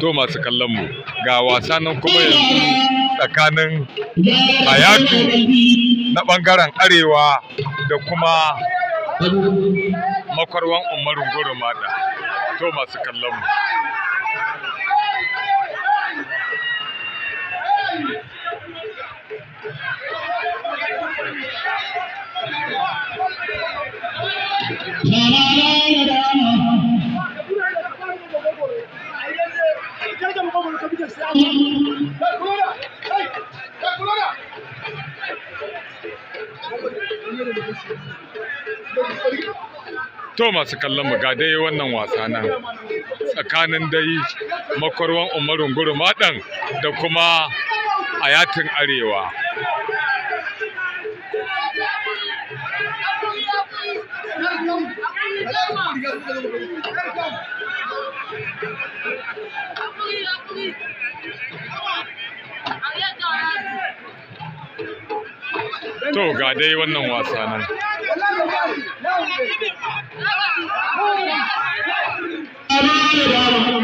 To masu kallon mu ga wasa nan kuma yanzu tsakanin Hayatu na ɓangaren Arewa da kuma makwarwan umarin goro Mata to masu kallon mu To masu kallon mu ga dai wannan wasa nan tsakanin dai makwarwan umarun gurumaɗan da kuma ayatin arewa. to ga dai wannan wasa nan Allah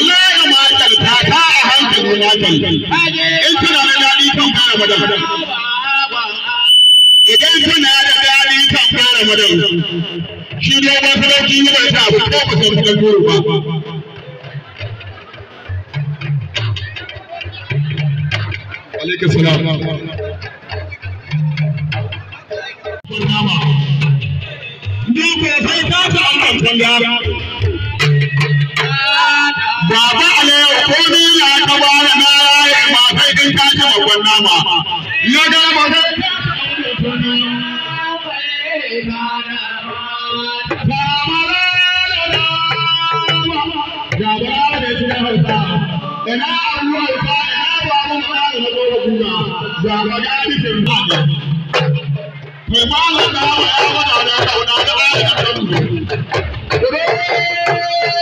mama da ta a hankali na in da daɗi idan kana da daɗi kan fara madam shi ne ba sarauki ne bai ta ko ba san goro ba alaikum salam sai ka ta Allah Thank you.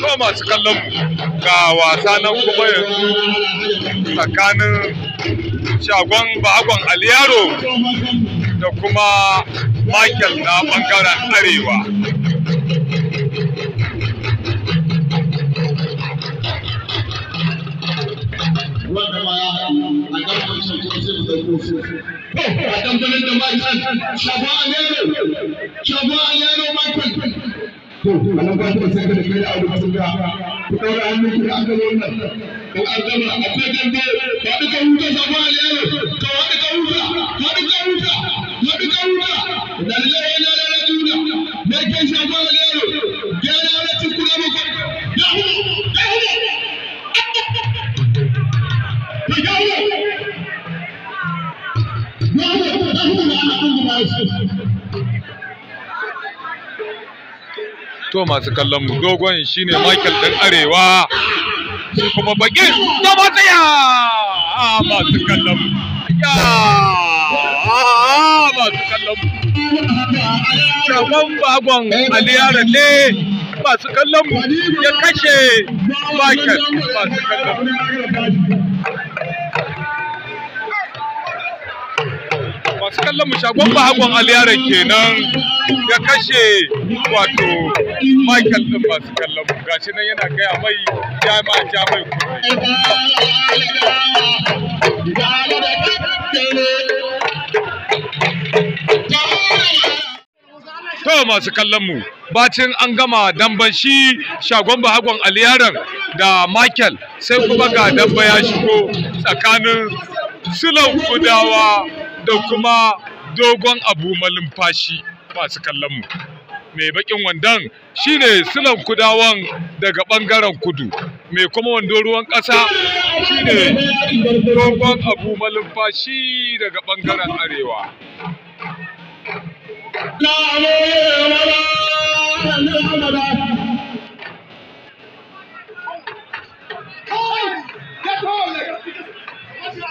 da masu kallon ga wasa na kuma yanzu tsakanin shagon bagon aliyaro da kuma Michael na bangaren arewa. A dandamalin da Michael, Shabu Alero, Shabu Alero Michael. To, a ba da kai da da an to masu kallon mu dogon shine Michael dan arewa kuma baki da matsaya ah, masu kallon mu ya ah, masu kallon mu shagon bagon aliyarar ne masu kallon mu ya kashe Michael masu kallon mu masu kallon mu shagon bahagon aliyaran kenan ya kashe wato michael din masu kallon mu gashi nan yana gaya mai jama jama To masu kallon mu bacin an gama damban shi shagon bahagon aliyaran da michael sai kuma ga damba ya shigo tsakanin sulan kudawa da kuma dogon abu malumfashi masu kallon mu mai bakin wandon shine sulan kudawan daga bangaren kudu mai kuma wando ruwan kasa shine dogon abu malumfashi daga bangaren arewa Hello,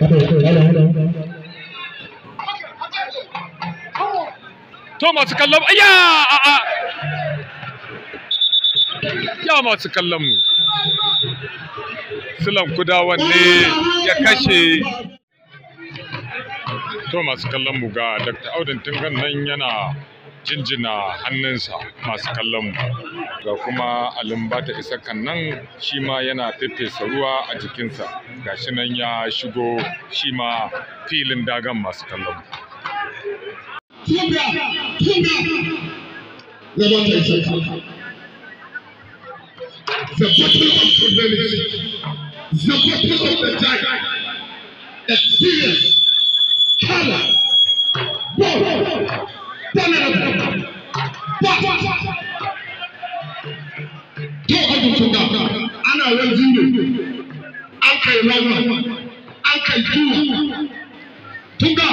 hello, hello. to masu kallon ya a a ya masu kallon mu silan kuda wanne ya kashe to masu kallon mu ga dr audin tungan nan yana jinjina hannunsa masu kallon mu ga kuma alimbata isa nan shi ma yana fefesa ruwa a jikinsa ga shi nan ya shigo shi ma filin dagan masu kallon mu Tuba, tuba. Never take second. The battle of the battle of the giant, experience, vulnerable, but to ana wanzu ne an kai tunga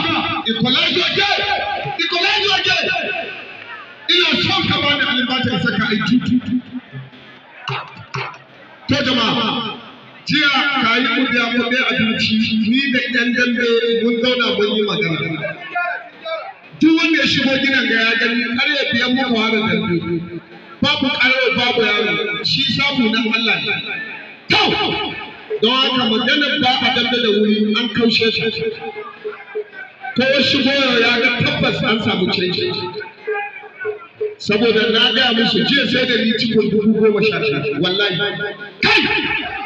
alƙalin ba ta aiki to jama'a jiya ka yi kuɗi a kuɗi abinci ni da ƴan dambe mun zauna mun yi magana duk wanda ya shigo gidan ga ya gani har ya biyan muku harin dambe babu ƙarar babu yaro shi samu na Allah ne to don haka maganar ba a dambe da wuri an kaushe shi ko shigo ya ga tabbas an samu canji saboda na gaya musu jiya sai da ni gudu dubu goma sha sha wallahi kai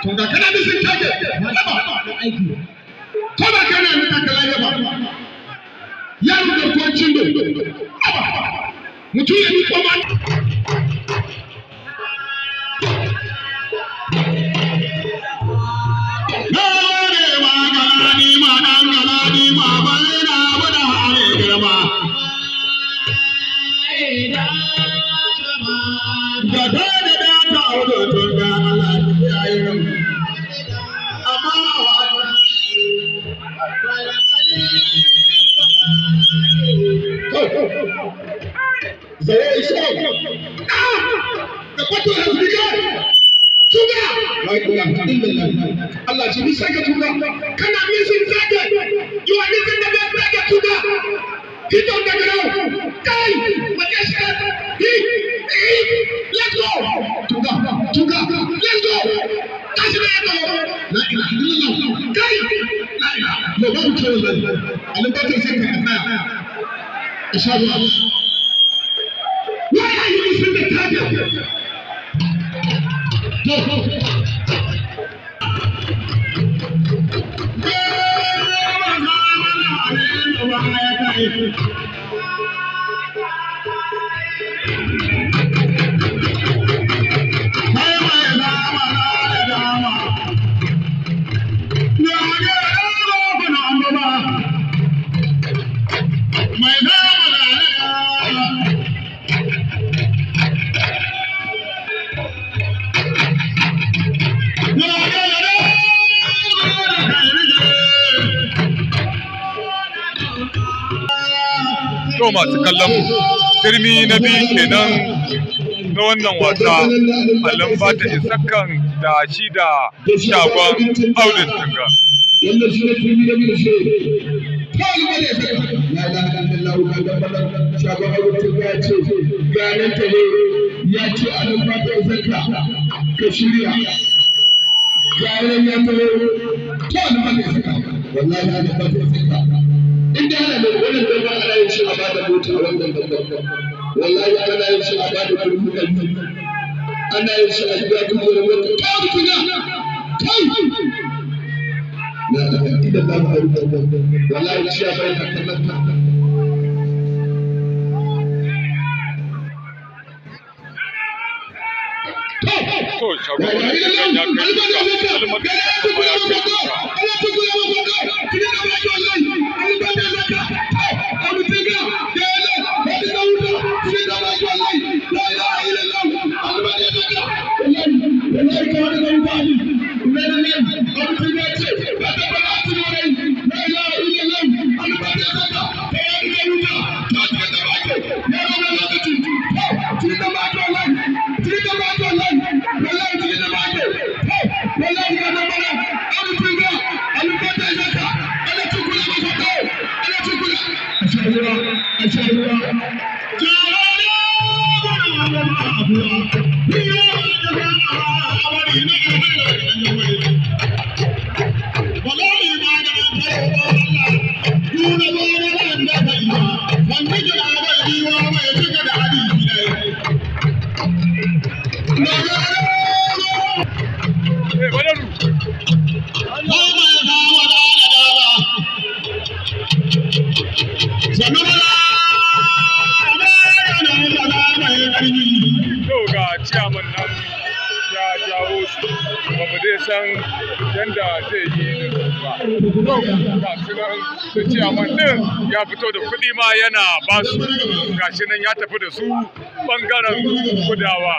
to ga kana da sun kage malama da aiki to ba kana ni taka lafiya ba yaro da cin do mutum ya ni koma Tito Dagano, Kai, Majeska, he, to masu kallon girmi na biyu kenan na wannan wasa allon bata isakan da shi da shagon audin tanga ya ce alin bata isa ka shirya ya ya taho to alin bata isaka wallahi alin bata isaka duk da ana mai wannan dabba ana yin shi a bada mota wannan dabba wallahi ana yin shi a bada kurmi kabi ana yin shi a gida kuma da mota kai kina kai ta ilaha illallah wallahi shi ya bayyana kallon kawai ta wani kan ya kai duka almakar kuma ya kai duka Thank you. Thank you. ciyaman nan ya jawo su ba mu dai san yadda zai yi da ba ga shi nan da ciyaman din ya fito da kuɗi ma yana ba su ga shi nan ya tafi da su ɓangaren kudawa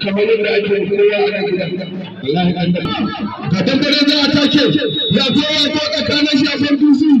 kamar yadda ake kowa ana gida wallahi da ga a take ya ya ko tsakanin shafin dusu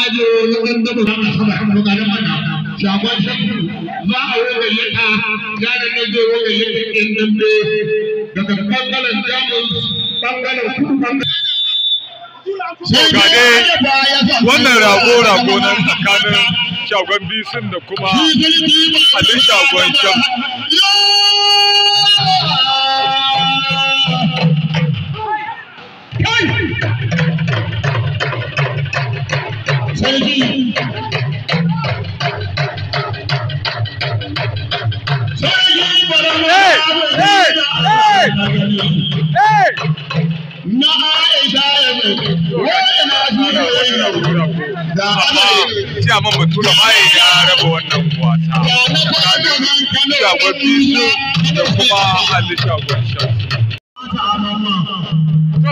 ajo wajen gaba za a sama kan buga da mana shagon shakku a yata zai woga yata dambe daga ɓangaren jamus ɓangaren kudu wannan rago-rago na tsakanin shagon bisin da kuma alin shagon can Hey! na aisha ya raba wannan wasa da kuma halitta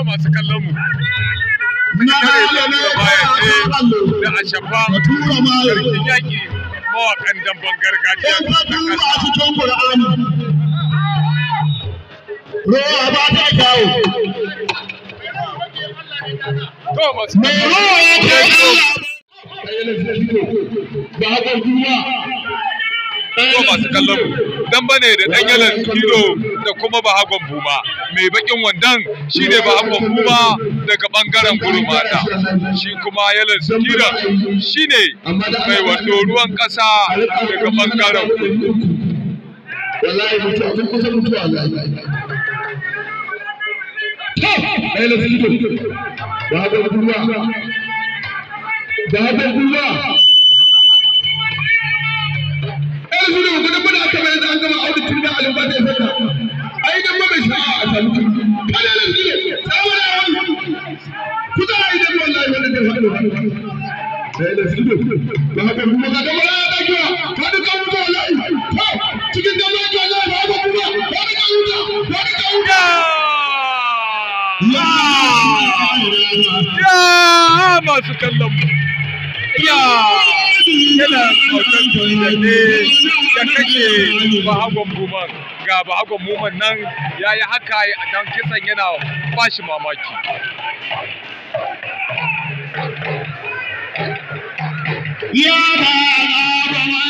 masu kallon mu na da ashafa sarkin yaki mawakan damban gargajiya rowa mai rowa ya ce ba haka duniya ko masu kallon dan bane da ɗan yalan kido da kuma bahagon buma mai bakin wandan shi shine bahagon buma daga ɓangaren gurin mata shi kuma yalan shi ne mai wando ruwan ƙasa daga ɓangaren wallahi ɗaya da Dabar Duwa, Dabar Duwa, ɗaya da gudu gudu gudu aka bayan an ma bai sha'a a sami tun. Kada da gudu, wallahi wani da haɗu. Ɗaya da gudu, Dabar Duwa ka da wallahi. ya masu kallon mu ya yana sautan jami'ar ne da kashe bahagon buman ga bahagon muman nan ya yi haka don kisan yana bashi mamaki ya ba